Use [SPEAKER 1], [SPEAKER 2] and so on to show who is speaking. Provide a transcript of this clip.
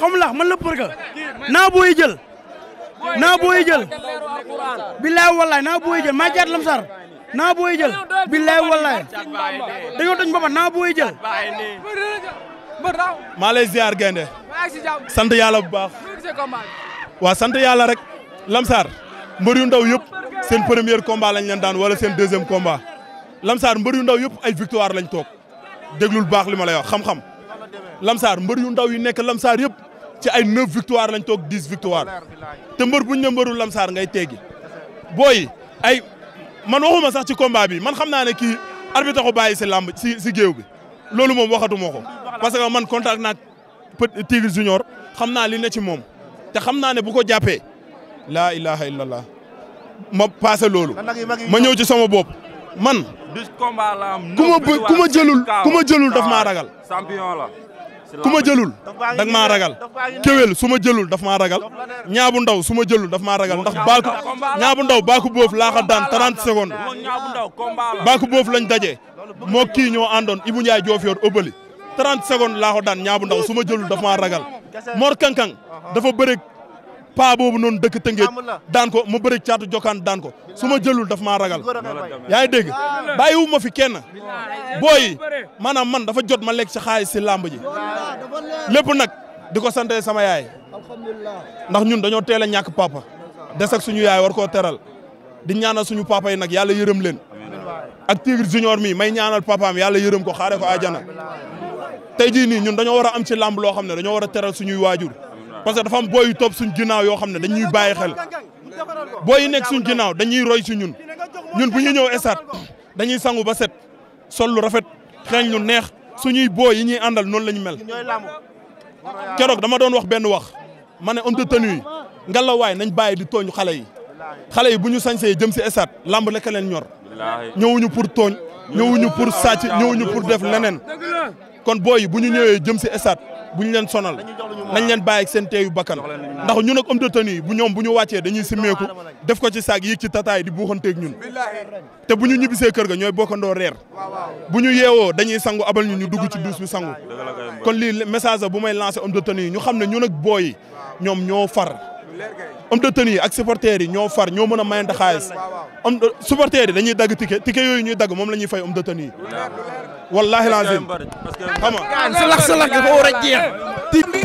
[SPEAKER 1] xam lax man la për ka naa booy jël naa booy billaay wallaay naa booy jël maa jaat lam sar naa booy billaay wallaay dañoo dañ baba naa booy jël maa lay ziar gaynde sant yàlla bu baax waa sant yàlla rek lamsaar mbër yu ndaw yëpp seen premier combat lañ leen daan wala seen deuxième combat lamsaar mbër yu ndaw yëpp ay victoire lañ toog déglul baax li ma lay wax xam-xam lamsaar mbër yu ndaw yi nekk lamsaar yëpp ci ay neuf victoire lañ toog dix victoire te mbër buñ ne mbëru lamsaar ngay teggi booy ay man waxuma sax ci combat bi man xam naa ne kii arbitre ko bàyyi si lamb si si géew bi loolu moom waxatuma ko parce que man contact naa petit Tigre junior xam naa li ne ci moom te xam naa ne bu ko jàppee laa ilaha illallah ma passé loolu ma ñëw ci sama bopp man ku ma ku ma jëlul ku ma jëlul daf maa ragal champion la
[SPEAKER 2] ku ma jëlul da nga maa ragal kéwél su
[SPEAKER 1] ma jëlul daf maa ragal ñaabu ndaw su ma jëlul daf maa ragal ndax baaku ñaabu ndaw baaku boof laa ko daan 30 secondes baaku boof lañ daje moo kii ñoo àndoon mu Ndiaye Diofior ëbbali 30 secondes laa ko daan ñaabu ndaw su ma jëlul daf maa ragal Mor Kankang uh-huh. dafa bëre paa boobu noonu dëkk Tëngéej daan ko ma bëre caatu jokkaan daan ko su ma jëlul daf maa ragal yaa ngi dégg bàyyiwu ma fi kenn booy maanaam man dafa jot ma lekk ci xaalis si làmb ji lépp nag di ko sante sama yaay ndax ñun dañoo teel a ñàkk papa des ak suñu yaay war koo teral di ñaanal suñu papa yi nag yàlla yërëm leen ak Tigre junior mi may ñaanal papaam yàlla yërëm ko xaare ko àjjana tey jii nii ñun dañoo war a am ci làmb loo xam ne dañoo war a teral suñu waajur parce que dafa am booy yu topp suñ ginnaaw yoo xam ne dañuy bàyyi xel booy yi nekk suñ ginnaaw dañuy roy si ñun ñun bu ñu ñëw esat dañuy sangu ba set sol lu rafet xeeñ lu neex suñuy boo yi ñuy àndal noonu la ñu mel. keroog dama doon wax benn wax ma ne honte tenue yi ngallaawaay nañ bàyyi di tooñ xale yi xale yi bu ñu sañsee jëm si stade lamb lekk leen ñor. ñëwuñu pour tooñ. ñëwuñu pour sàcc ñëwuñu pour def leneen. kon booy yi bu ñu ñëwee jëm si stade bu ñu leen sonal nañ leen bàyyi ak seen teeyu bakkan ndax ñun ak homme de tenue yi bu ñoom bu ñu wàccee dañuy simmeeku def ko ci saag yéeg ci tataay di buuxanteeg ñun te bu ñu ñibbisee kër ga ñooy bokkandoo reer bu ñu yeewoo dañuy sangu abal ñu ñu dugg ci duus bi sangu kon lii message la bu may lancé homme de yi ñu xam ne ñu nag booy yi ñoom ñoo far homme de yi ak supporters yi ñoo far ñoo mën a mayante xaalis homme supporters yi dañuy dagg ticket ticket yooyu ñuy dagg moom la ñuy fay de tenue yi wallaahi laazim xam nga sa lax sa lax dafa war a jeex